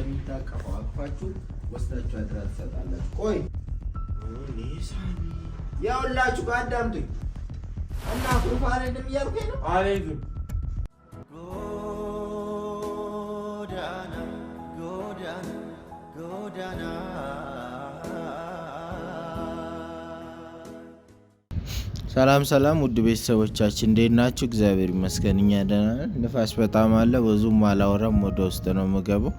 እንደሚታቀፈው አቅፋችሁ ወስዳችሁ አድራ ትሰጣላችሁ። ቆይ ያውላችሁ እና አልሄድም ነው። አልሄድም ሰላም ሰላም ውድ ቤተሰቦቻችን እንዴት ናችሁ? እግዚአብሔር ይመስገን እኛ ደህና ነን። ንፋስ በጣም አለ። ብዙም አላወራም። ወደ ውስጥ ነው የምገባው።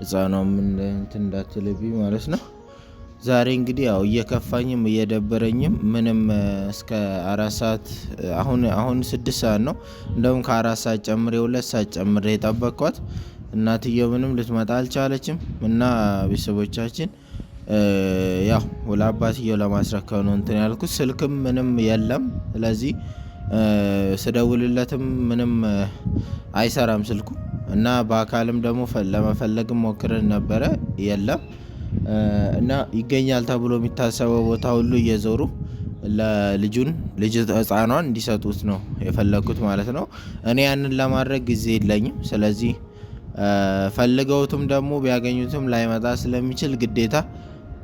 ህፃኗም እንትን እንዳትልብኝ ማለት ነው። ዛሬ እንግዲህ ያው እየከፋኝም እየደበረኝም ምንም እስከ አራት ሰዓት አሁን አሁን ስድስት ሰዓት ነው። እንደውም ከአራት ሰዓት ጨምሬ ሁለት ሰዓት ጨምሬ የጠበቅኳት እናትየው ምንም ልትመጣ አልቻለችም። እና ቤተሰቦቻችን ያው ለአባትየው ለማስረከብ ነው እንትን ያልኩት። ስልክም ምንም የለም። ስለዚህ ስደውልለትም ምንም አይሰራም ስልኩ እና በአካልም ደግሞ ለመፈለግም ሞክረን ነበረ የለም። እና ይገኛል ተብሎ የሚታሰበው ቦታ ሁሉ እየዞሩ ለልጁን ልጅ ህፃኗን እንዲሰጡት ነው የፈለግኩት ማለት ነው። እኔ ያንን ለማድረግ ጊዜ የለኝም። ስለዚህ ፈልገውትም ደግሞ ቢያገኙትም ላይመጣ ስለሚችል ግዴታ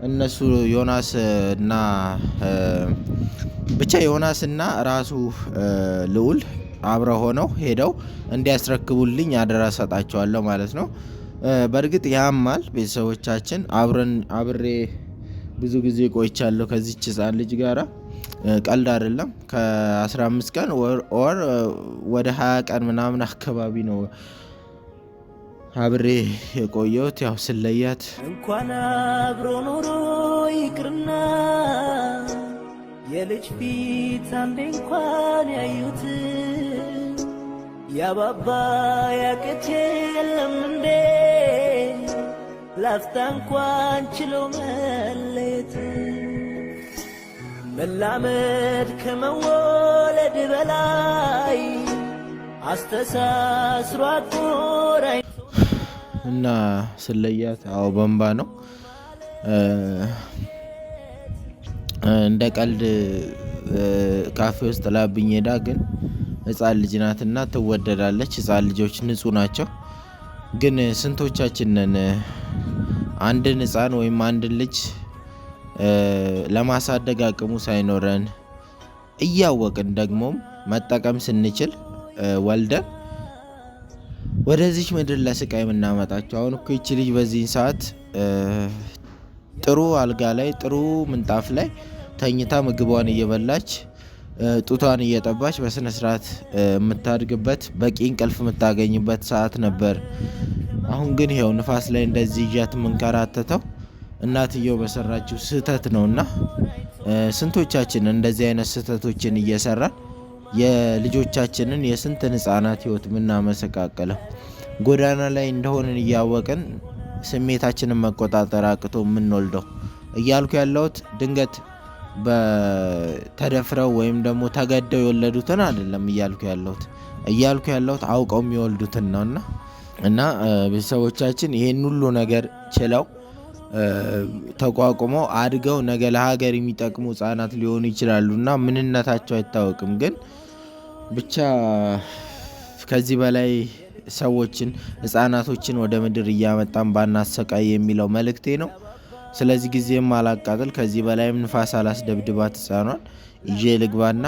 እነሱ ዮናስ እና ብቻ ዮናስ እና ራሱ ልዑል አብረው ሆነው ሄደው እንዲያስረክቡልኝ አደራ ሰጣቸዋለሁ ማለት ነው። በእርግጥ ያማል። ቤተሰቦቻችን አብረን አብሬ ብዙ ጊዜ ቆይቻለሁ ከዚች ህፃን ልጅ ጋራ ቀልድ አይደለም። ከ15 ቀን ወር ወደ 20 ቀን ምናምን አካባቢ ነው አብሬ የቆየሁት። ያው ስለያት እንኳን አብሮ ኖሮ ይቅርና የልጅ ፊት አንዴ እንኳን ያዩት ያባባ ያቅቼ የለም ላፍታ እንኳን ችሎ መለየት መላመድ ከመወለድ በላይ አስተሳስሮ አቆራኝ እና ስለያት አዎ በንባ ነው እንደ ቀልድ ካፌ ውስጥ ላብኝ ሄዳ ግን ህፃን ልጅ ናትና ትወደዳለች። ህፃን ልጆች ንጹህ ናቸው። ግን ስንቶቻችንን አንድን ህፃን ወይም አንድን ልጅ ለማሳደግ አቅሙ ሳይኖረን እያወቅን ደግሞም መጠቀም ስንችል ወልደን ወደዚች ምድር ለስቃይ የምናመጣቸው። አሁን እኮ ይቺ ልጅ በዚህን ሰዓት ጥሩ አልጋ ላይ ጥሩ ምንጣፍ ላይ ተኝታ ምግቧን እየበላች ጡቷን እየጠባች በስነ ስርዓት የምታድግበት በቂ እንቅልፍ የምታገኝበት ሰዓት ነበር። አሁን ግን ይኸው ንፋስ ላይ እንደዚህ እያት የምንከራተተው እናትየው በሰራችው ስህተት ነው እና ስንቶቻችን እንደዚህ አይነት ስህተቶችን እየሰራን የልጆቻችንን የስንትን ህጻናት ህይወት የምናመሰቃቅለው ጎዳና ላይ እንደሆንን እያወቅን ስሜታችንን መቆጣጠር አቅቶ የምንወልደው እያልኩ ያለሁት ድንገት ተደፍረው ወይም ደግሞ ተገደው የወለዱትን አይደለም እያልኩ ያለሁት እያልኩ ያለሁት አውቀው የሚወልዱትን ነው። እና እና ቤተሰቦቻችን ይህን ሁሉ ነገር ችለው ተቋቁመው አድገው ነገ ለሀገር የሚጠቅሙ ህጻናት ሊሆኑ ይችላሉ እና ምንነታቸው አይታወቅም። ግን ብቻ ከዚህ በላይ ሰዎችን ህጻናቶችን ወደ ምድር እያመጣን ባናሰቃይ የሚለው መልእክቴ ነው። ስለዚህ ጊዜም አላቃጥል፣ ከዚህ በላይም ንፋስ አላስደብድባት ሕፃኗን ይዤ ልግባና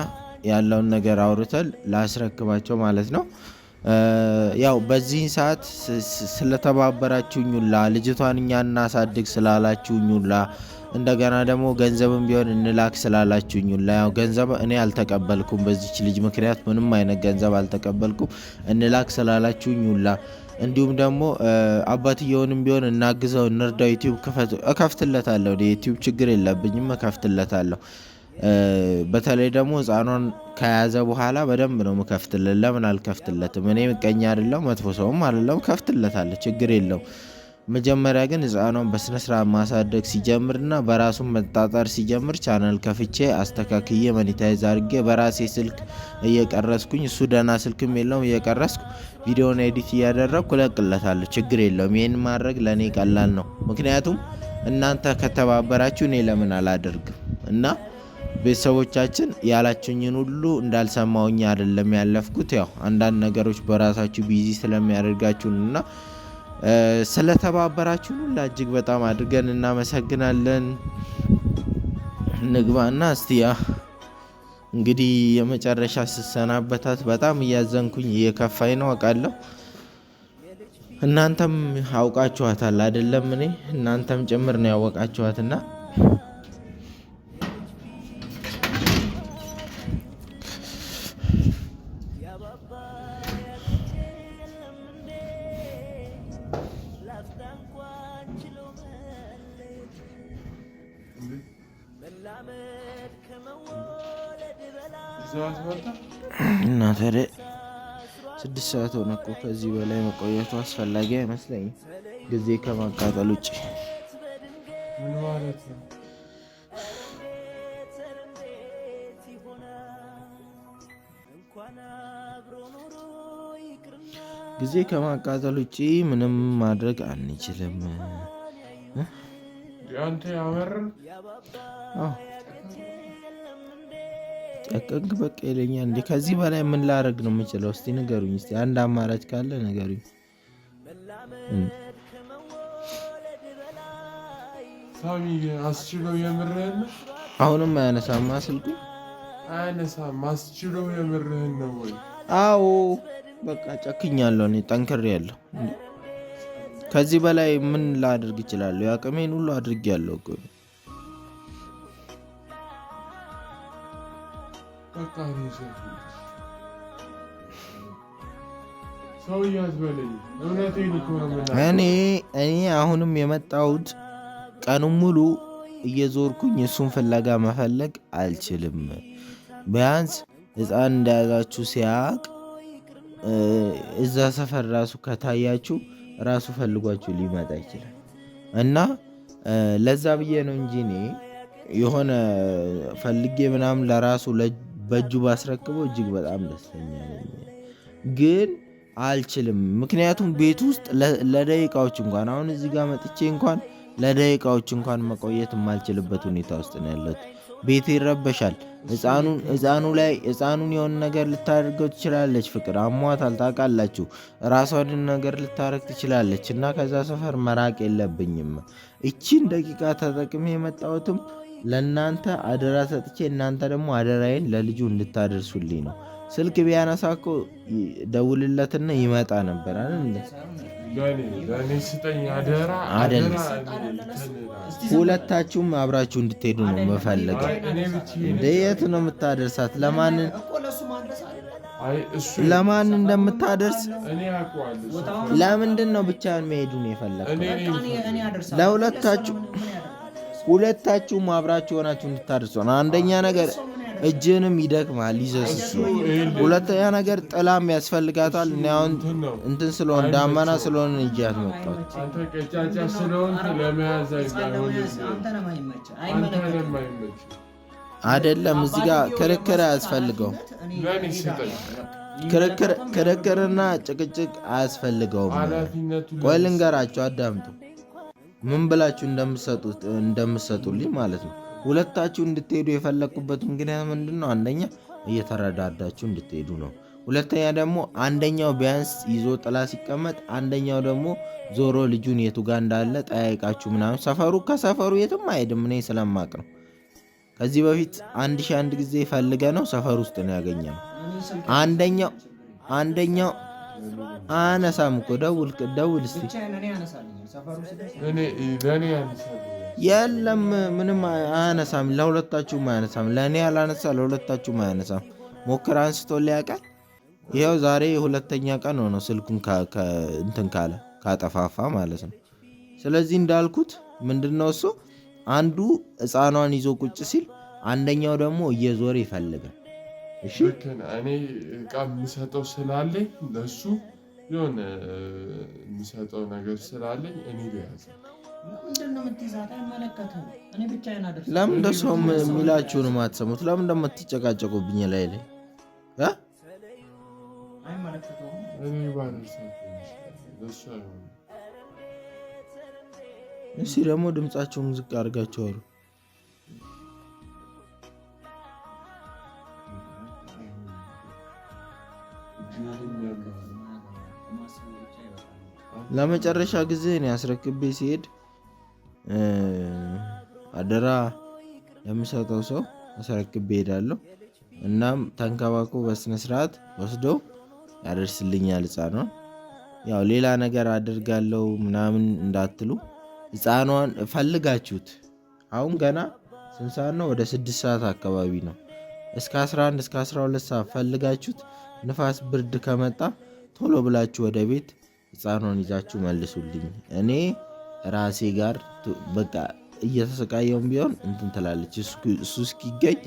ያለውን ነገር አውርተን ላስረክባቸው ማለት ነው። ያው በዚህን ሰዓት ስለተባበራችሁኙላ ልጅቷን እኛ እናሳድግ ስላላችሁኙላ እንደገና ደግሞ ገንዘብም ቢሆን እንላክ ስላላችሁኙላ ያው ገንዘብ እኔ አልተቀበልኩም። በዚች ልጅ ምክንያት ምንም አይነት ገንዘብ አልተቀበልኩም። እንላክ ስላላችሁኙላ እንዲሁም ደግሞ አባትየውንም ቢሆን እናግዘው፣ እንርዳው፣ ዩቲዩብ ክፈቱ። እከፍትለታለሁ፣ የዩቲዩብ ችግር የለብኝም፣ እከፍትለታለሁ። በተለይ ደግሞ ህፃኗን ከያዘ በኋላ በደንብ ነው ምከፍትልን። ለምን አልከፍትለትም? እኔ ምቀኛ አይደለሁ፣ መጥፎ ሰውም አይደለም። ከፍትለታለሁ፣ ችግር የለውም። መጀመሪያ ግን ህፃኗን በስነስርዓት ማሳደግ ሲጀምርና በራሱን መጣጠር ሲጀምር ቻናል ከፍቼ አስተካክዬ መኔታይዝ አድርጌ በራሴ ስልክ እየቀረስኩኝ እሱ ደህና ስልክም የለውም እየቀረስኩ ቪዲዮን ኤዲት እያደረግኩ እለቅለታለሁ። ችግር የለውም። ይህን ማድረግ ለእኔ ቀላል ነው። ምክንያቱም እናንተ ከተባበራችሁ እኔ ለምን አላደርግም እና ቤተሰቦቻችን ያላችሁኝን ሁሉ እንዳልሰማውኝ አይደለም ያለፍኩት። ያው አንዳንድ ነገሮች በራሳችሁ ቢዚ ስለሚያደርጋችሁን እና ስለተባበራችሁን ሁላ እጅግ በጣም አድርገን እናመሰግናለን። ንግባና እስቲያ እንግዲህ የመጨረሻ ስሰናበታት በጣም እያዘንኩኝ እየከፋኝ ነው አውቃለሁ። እናንተም አውቃችኋታል አይደለም? እኔ እናንተም ጭምር ነው ያወቃችኋትና እናተ ስድስት ሰዓት ሆነ እኮ። ከዚህ በላይ መቆየቱ አስፈላጊ አይመስለኝም ጊዜ ከማቃጠል ውጭ። ጊዜ ከማቃጠል ውጭ ምንም ማድረግ አንችልም። አንተ ያመር ጨቀንክ በቃ ይለኛል እንዴ! ከዚህ በላይ ምን ነው የምችለው? እስቲ ንገሩኝ። እስቲ አንድ አማራጭ ካለ ንገሩኝ። ሳሚ አስችለው የምርህን አሁንም አያነሳማ ስልኩ አያነሳም። አስችለው የምርህን ነው ወይ? አዎ በቃ ጨክኛለሁ እኔ ከዚህ በላይ ምን ላድርግ ይችላሉ? የአቅሜን ሁሉ አድርግ ያለው አድርጌያለሁ። እኔ እኔ አሁንም የመጣሁት ቀኑን ሙሉ እየዞርኩኝ እሱን ፍለጋ መፈለግ አልችልም። ቢያንስ ሕፃን እንደያዛችሁ ሲያቅ እዛ ሰፈር ራሱ ከታያችሁ ራሱ ፈልጓችሁ ሊመጣ ይችላል እና ለዛ ብዬ ነው እንጂ እኔ የሆነ ፈልጌ ምናምን ለራሱ በእጁ ባስረክበው እጅግ በጣም ደስተኛ ነኝ። ግን አልችልም። ምክንያቱም ቤት ውስጥ ለደቂቃዎች እንኳን አሁን እዚህ ጋር መጥቼ እንኳን ለደቂቃዎች እንኳን መቆየት የማልችልበት ሁኔታ ውስጥ ነው ያለሁት። ቤት ይረበሻል። ህፃኑ ላይ ህፃኑን የሆነ ነገር ልታደርገው ትችላለች። ፍቅር አሟታል ታውቃላችሁ። ራሷን ነገር ልታረግ ትችላለች እና ከዛ ሰፈር መራቅ የለብኝም። እቺን ደቂቃ ተጠቅሜ የመጣሁትም ለእናንተ አደራ ሰጥቼ እናንተ ደግሞ አደራዬን ለልጁ እንድታደርሱልኝ ነው። ስልክ ቢያነሳ እኮ ደውልለትና ይመጣ ነበር አይደል? ሁለታችሁም አብራችሁ እንድትሄዱ ነው መፈለገው። የት ነው የምታደርሳት? ለማን ለማን እንደምታደርስ ለምንድን ነው ብቻ መሄዱን የፈለገው? ለሁለታችሁ ሁለታችሁም አብራችሁ ሆናችሁ እንድታደርሱ ነው አንደኛ ነገር እጅንም ይደክማል ይዘስ። ሁለተኛ ነገር ጥላም ያስፈልጋታል። እኔ አሁን እንትን ስለሆን ዳመና ስለሆን እንጂ ያትመጣት አይደለም። እዚህ ጋ ክርክር አያስፈልገው ክርክርና ጭቅጭቅ አያስፈልገውም። ቆይ አዳምጡ። ምን ብላችሁ እንደምትሰጡልኝ ማለት ነው ሁለታችሁ እንድትሄዱ የፈለግኩበት ምክንያት ምንድን ነው? አንደኛ እየተረዳዳችሁ እንድትሄዱ ነው። ሁለተኛ ደግሞ አንደኛው ቢያንስ ይዞ ጥላ ሲቀመጥ፣ አንደኛው ደግሞ ዞሮ ልጁን የቱ ጋር እንዳለ ጠያይቃችሁ ምናምን። ሰፈሩ ከሰፈሩ የትም አይሄድም፣ እኔ ስለማቅ ነው። ከዚህ በፊት አንድ ሺ አንድ ጊዜ ፈልገ ነው ሰፈር ውስጥ ነው ያገኘ ነው። አንደኛው አንደኛው አነሳም እኮ ደውል ደውል እስኪ የለም ምንም አያነሳም። ለሁለታችሁም አያነሳም። ለእኔ ያላነሳ ለሁለታችሁም አያነሳም። ሞክር አንስቶ ሊያቀል ይኸው ዛሬ ሁለተኛ ቀን ሆነው ስልኩን እንትን ካለ ካጠፋፋ ማለት ነው። ስለዚህ እንዳልኩት ምንድን ነው እሱ አንዱ ሕፃኗን ይዞ ቁጭ ሲል፣ አንደኛው ደግሞ እየዞር ይፈልጋል። እሺ እኔ ዕቃ የምሰጠው ስላለኝ ለሱ የሆነ የምሰጠው ነገር ስላለኝ እኔ ልያዘ ለምን እንደ ሰው ነው የማትሰሙት? ለምን እንደምትጨቃጨቁብኝ ላይ ላይ እሺ፣ ደግሞ ድምጻቸውን ዝቅ አድርጋችሁ አሉ። ለመጨረሻ ጊዜ እኔ አስረክቤ ሲሄድ አደራ ለምሰጠው ሰው አስረክቤ እሄዳለሁ። እናም ተንከባክቦ በስነ ስርዓት ወስዶ ያደርስልኛል ህፃኗን። ያው ሌላ ነገር አድርጋለው ምናምን እንዳትሉ፣ ህፃኗን ፈልጋችሁት። አሁን ገና ስንት ሰዓት ነው? ወደ ስድስት ሰዓት አካባቢ ነው። እስከ 11 እስከ 12 ሰዓት ፈልጋችሁት፣ ንፋስ ብርድ ከመጣ ቶሎ ብላችሁ ወደ ቤት ህፃኗን ይዛችሁ መልሱልኝ። እኔ ራሴ ጋር በቃ እየተሰቃየውም ቢሆን እንትን ትላለች። እሱ እስኪገኝ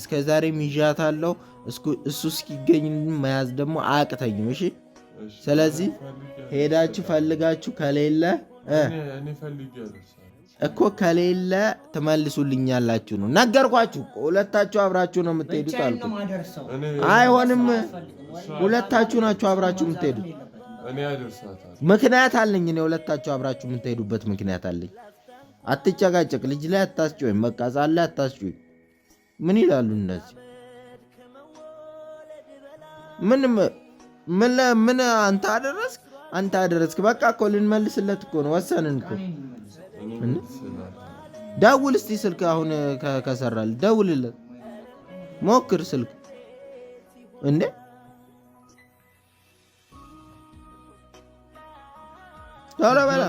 እስከዛሬም ይዣታለሁ። እሱ እስኪገኝ መያዝ ደግሞ አያቅተኝም። እሺ፣ ስለዚህ ሄዳችሁ ፈልጋችሁ ከሌለ እኮ ከሌለ ትመልሱልኛላችሁ ነው። ነገርኳችሁ። ሁለታችሁ አብራችሁ ነው የምትሄዱት አልኩ። አይሆንም፣ ሁለታችሁ ናችሁ አብራችሁ የምትሄዱት ምክንያት አለኝ እኔ ሁለታቸው አብራችሁ የምትሄዱበት ምክንያት አለኝ። አትጨቃጨቅ፣ ልጅ ላይ አታስጮኝ፣ መቃጻ ላይ አታስጮኝ። ምን ይላሉ እነዚህ? ምን ምን ምን አንተ አደረስክ አንተ አደረስክ። በቃ እኮ ልንመልስለት እኮ ነው፣ ወሰንን እኮ። ደውል እስቲ ስልክ፣ አሁን ከሰራል ደውልለት፣ ሞክር ስልክ እንዴ ኧረ በላ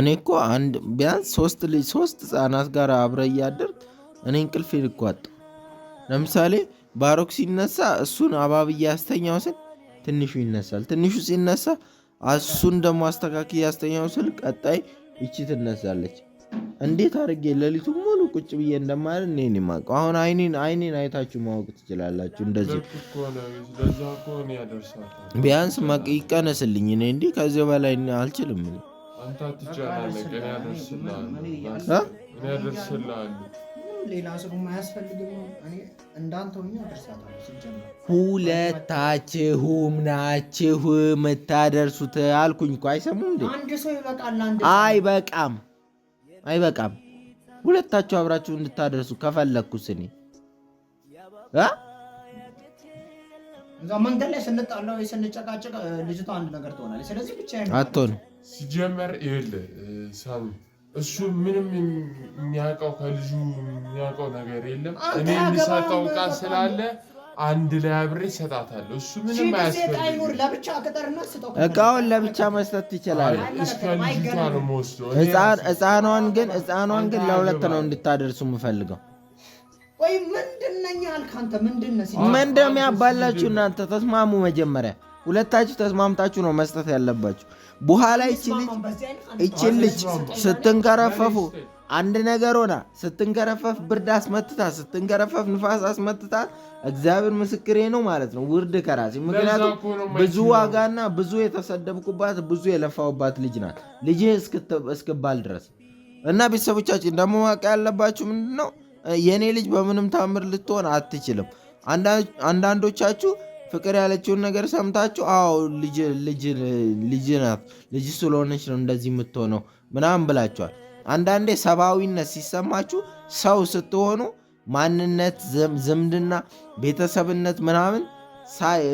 እኔ እኮ አንድ ቢያንስ ሶስት ልጅ ሶስት ህጻናት ጋር አብረ እያደርግ እኔ እንቅልፍ ልቋጥ። ለምሳሌ ባሮክ ሲነሳ እሱን አባብ እያስተኛው ስል ትንሹ ይነሳል። ትንሹ ሲነሳ እሱን ደግሞ አስተካክ እያስተኛው ስል ቀጣይ ይቺ ትነሳለች። እንዴት አድርጌ ሌሊቱ ሙሉ ቁጭ ብዬ እንደማል እኔን ማቀ አሁን አይኔን አይኔን አይታችሁ ማወቅ ትችላላችሁ። እንደዚህ ቢያንስ ይቀነስልኝ። እኔ እንዲህ ከዚህ በላይ አልችልም። ሌላ ሰው የማያስፈልግም እኔ እንዳንተ ሆኜ አደርሳታለሁ። ሁለታችሁም ናችሁ የምታደርሱት አልኩኝ እኮ አይሰሙም እንዴ? አንድ ሰው ይበቃል። አንድ አይበቃም፣ አይበቃም። ሁለታችሁ አብራችሁ እንድታደርሱ ከፈለግኩስ እኔ እዛ መንገድ ላይ ስንጣላ ወይ ስንጨቃጨቅ ልጅቷ አንድ ነገር ትሆናለች። ስለዚህ ብቻ አትሆንም ሲጀመር ይኸውልህ እሱ ምንም የሚያውቀው ከልጁ የሚያውቀው ነገር የለም። እኔ የሚሰጠው ዕቃ ስላለ አንድ ላይ አብሬ እሰጣታለሁ። እሱ ምንም አያስፈልግም። ለብቻ መስጠት ይችላል። እስከ ልጅቷ ነው የምወስደው። ግን ህፃኗን ግን ለሁለት ነው እንድታደርሱ የምፈልገው። ወይ ምንድነኛ አልክ አንተ። ምንድን እናንተ? ተስማሙ መጀመሪያ ሁለታችሁ ተስማምታችሁ ነው መስጠት ያለባችሁ። በኋላ ይች ልጅ ስትንከረፈፉ አንድ ነገር ሆና ስትንከረፈፍ ብርድ አስመትታ ስትንከረፈፍ ንፋስ አስመትታ እግዚአብሔር ምስክሬ ነው ማለት ነው። ውርድ ከራሴ ምክንያቱም ብዙ ዋጋና ብዙ የተሰደብኩባት ብዙ የለፋውባት ልጅ ናት ልጅ እስክባል ድረስ እና ቤተሰቦቻችን ደግሞ ማወቅ ያለባችሁ ምንድን ነው የእኔ ልጅ በምንም ታምር ልትሆን አትችልም። አንዳንዶቻችሁ ፍቅር ያለችውን ነገር ሰምታችሁ፣ አዎ ልጅ ናት፣ ልጅ ስለሆነች ነው እንደዚህ የምትሆነው ምናምን ብላችኋል። አንዳንዴ ሰብአዊነት ሲሰማችሁ ሰው ስትሆኑ ማንነት፣ ዝምድና፣ ቤተሰብነት ምናምን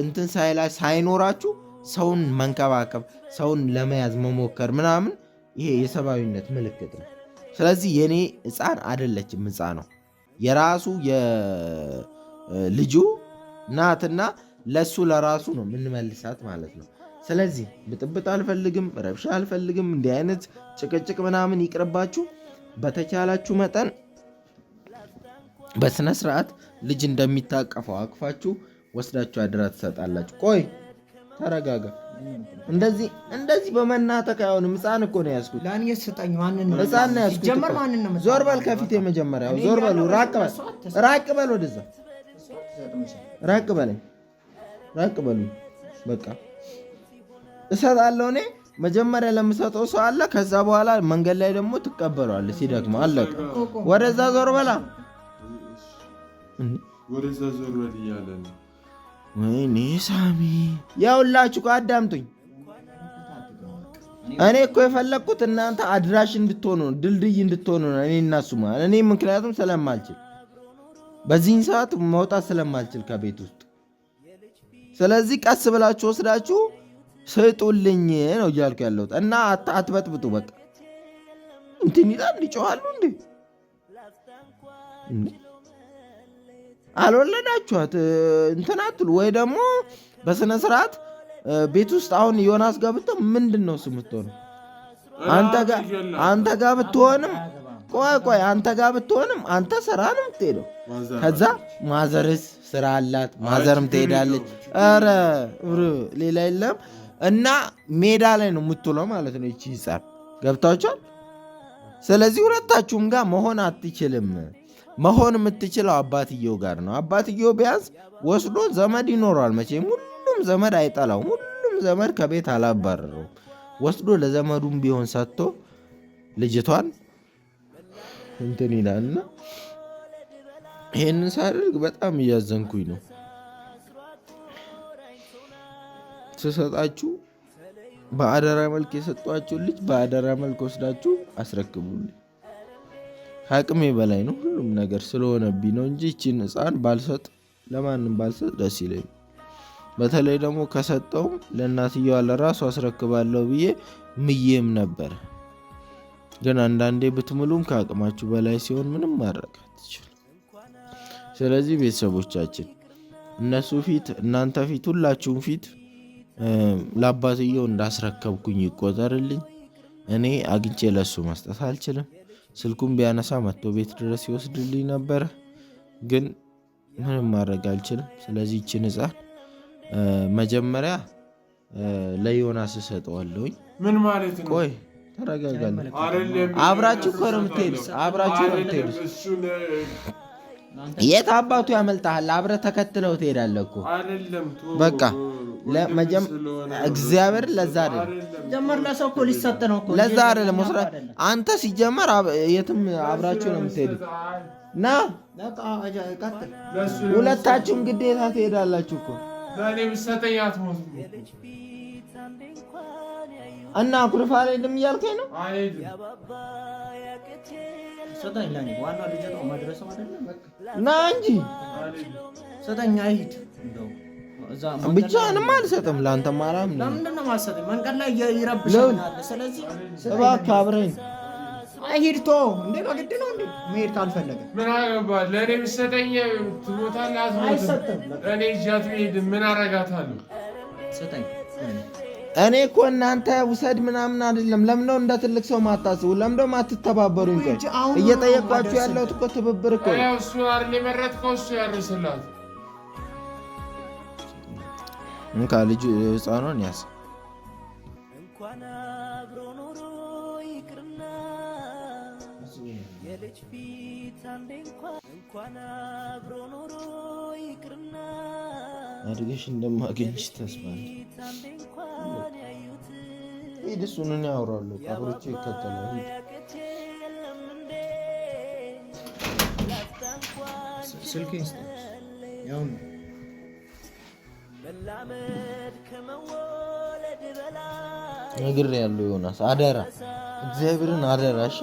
እንትን ሳይላ ሳይኖራችሁ ሰውን መንከባከብ፣ ሰውን ለመያዝ መሞከር ምናምን ይሄ የሰብአዊነት ምልክት ነው። ስለዚህ የኔ ህፃን አይደለችም፣ ሕፃን ነው የራሱ የልጁ ናትና ለሱ ለራሱ ነው የምንመልሳት ማለት ነው። ስለዚህ ብጥብጥ አልፈልግም፣ ረብሻ አልፈልግም፣ እንዲህ አይነት ጭቅጭቅ ምናምን ይቅርባችሁ። በተቻላችሁ መጠን በስነ ስርዓት ልጅ እንደሚታቀፈው አቅፋችሁ ወስዳችሁ አደራ ትሰጣላችሁ። ቆይ ተረጋጋ። እንደዚህ እንደዚህ በመናተቅ አይሆንም። ህፃን እኮ ነው ያዝኩት፣ ህፃን ነው ያዝኩት። ዞር በል ከፊት የመጀመሪያው ዞር በሉ። ራቅ በል፣ ራቅ በል፣ ወደዛ ራቅ በለኝ ራቅ በሉ በቃ። እሰጣለሁ እኔ መጀመሪያ ለምሰጠው ሰው አለ። ከዛ በኋላ መንገድ ላይ ደግሞ ትቀበለዋለህ ሲደግሞ አለቀ። ወደዛ ዞር በላ፣ ወደዛ ዞር በል እያለ ነው። ወይኔ ሳሚ፣ ያውላችሁ አዳምጡኝ። እኔ እኮ የፈለግኩት እናንተ አድራሽ እንድትሆኑ ድልድይ እንድትሆኑ ነው። እኔ እናሱማ እኔ ምክንያቱም ስለማልችል በዚህን ሰዓት መውጣት ስለማልችል ከቤት ውስጥ ስለዚህ ቀስ ብላችሁ ወስዳችሁ ስጡልኝ ነው እያልኩ ያለሁት እና አትበጥብጡ። በቃ እንትን ይላል ይጮኋሉ። እንዴ አልወለዳችኋት እንትን አትሉ ወይ ደግሞ በስነ ስርዓት ቤት ውስጥ አሁን ዮናስ ጋር ብትሆን ምንድን ነው ስምትሆነ አንተ ጋር ብትሆንም ቆይ ቆይ አንተ ጋር ብትሆንም አንተ ስራ ነው የምትሄደው። ከዛ ማዘርስ ስራ አላት፣ ማዘርም ትሄዳለች። ኧረ ሌላ የለም እና ሜዳ ላይ ነው የምትውለው ማለት ነው ይቺ ህፃን ገብታችኋል። ስለዚህ ሁለታችሁም ጋር መሆን አትችልም። መሆን የምትችለው አባትየው ጋር ነው። አባትየው ቢያንስ ወስዶ ዘመድ ይኖረዋል። መቼም ሁሉም ዘመድ አይጠላውም፣ ሁሉም ዘመድ ከቤት አላባረረውም። ወስዶ ለዘመዱም ቢሆን ሰጥቶ ልጅቷን እንትን ይላል እና ይህንን ሳደርግ በጣም እያዘንኩኝ ነው። ስሰጣችሁ በአደራ መልክ የሰጧችሁን ልጅ በአደራ መልክ ወስዳችሁ አስረክቡልኝ። ከአቅሜ በላይ ነው ሁሉም ነገር ስለሆነብኝ ነው እንጂ ይችን ህፃን ባልሰጥ ለማንም ባልሰጥ ደስ ይለኝ። በተለይ ደግሞ ከሰጠውም ለእናትየዋ ለራሱ አስረክባለሁ ብዬ ምዬም ነበር። ግን አንዳንዴ ብትምሉም ከአቅማችሁ በላይ ሲሆን ምንም ማድረግ አትችሉ። ስለዚህ ቤተሰቦቻችን እነሱ ፊት፣ እናንተ ፊት፣ ሁላችሁም ፊት ለአባትየው እንዳስረከብኩኝ ይቆጠርልኝ። እኔ አግኝቼ ለሱ መስጠት አልችልም። ስልኩን ቢያነሳ መጥቶ ቤት ድረስ ይወስድልኝ ነበረ፣ ግን ምንም ማድረግ አልችልም። ስለዚህ ይችን ሕፃን መጀመሪያ ለዮናስ እሰጠዋለሁኝ። ምን ማለት ነው? ቆይ ተረጋጋለ። አብራችሁ እኮ ነው የምትሄዱት። አብራችሁ ነው የምትሄዱት። የት አባቱ ያመልጣሃል? አብረ ተከትለው ትሄዳለህ እኮ በቃ እግዚአብሔር ለዛ አይደለም፣ ለዛ አይደለም። አንተ ሲጀመር የትም አብራችሁ ነው የምትሄዱት እና ሁለታችሁም ግዴታ ትሄዳላችሁ እኮ እና ኩርፍ አልሄድም እያልከኝ ነው? ና እንጂ ብቻህንም አልሰጥም። ለአንተም አላም መንገድ ላይ ይረብሻል። ስለዚህ እባክህ አብረኝ ሂድ። ቶ እንዴ በግድ ነው እንዴ? መሄድ ካልፈለገ ምን አገባህ? ለእኔ ብትሰጠኝ ትሞታለህ። አትሞትም። እኔ እጃት ሄድ ምን አረጋታለሁ? ሰጠኝ እኔ እኮ እናንተ ውሰድ ምናምን አይደለም። ለምነው እንደ ትልቅ ሰው ማታስቡ፣ ለምነው ማትተባበሩ ቆይ እየጠየቋችሁ ያለሁት እኮ ትብብር እኮ እንካ ልጅ ሕፃኗን ያዝ። እንኳን አብሮ ኖሮ ይቅርና አድገሽ እንደማገኝሽ ተስፋ ሂድ፣ እሱንን ያወራለሁ ቀብሮቼ ይከተላል። ስልኬን ያው ነው። ነግሬያለሁ ዮናስ፣ አደራ እግዚአብሔርን አደራ እሺ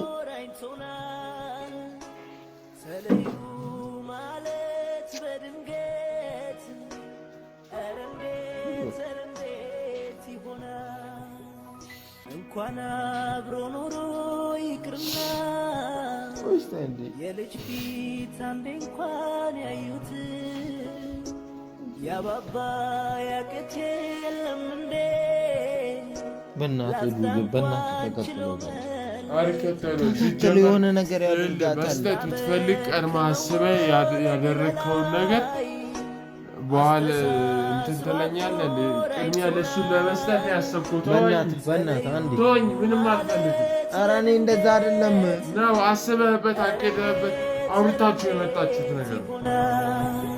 እንኳን አብሮ ኖሮ ይቅርና የልጅ ፊት አንዴ እንኳን ያዩት ያባባ የለም እንዴ የሆነ ነገር ያደርጋታል። መስጠት የምትፈልግ ቀድማ አስበህ ያደረግከውን ነገር በኋላ እንትን ትለኛለህ። ቅድሚያ ለሱ በመስጠት ያሰብኩት ቶኝ ምንም አልፈልግም። ኧረ እኔ እንደዛ አይደለም ነው አስበህበት አቅደህበት አውርታችሁ የመጣችሁት ነገር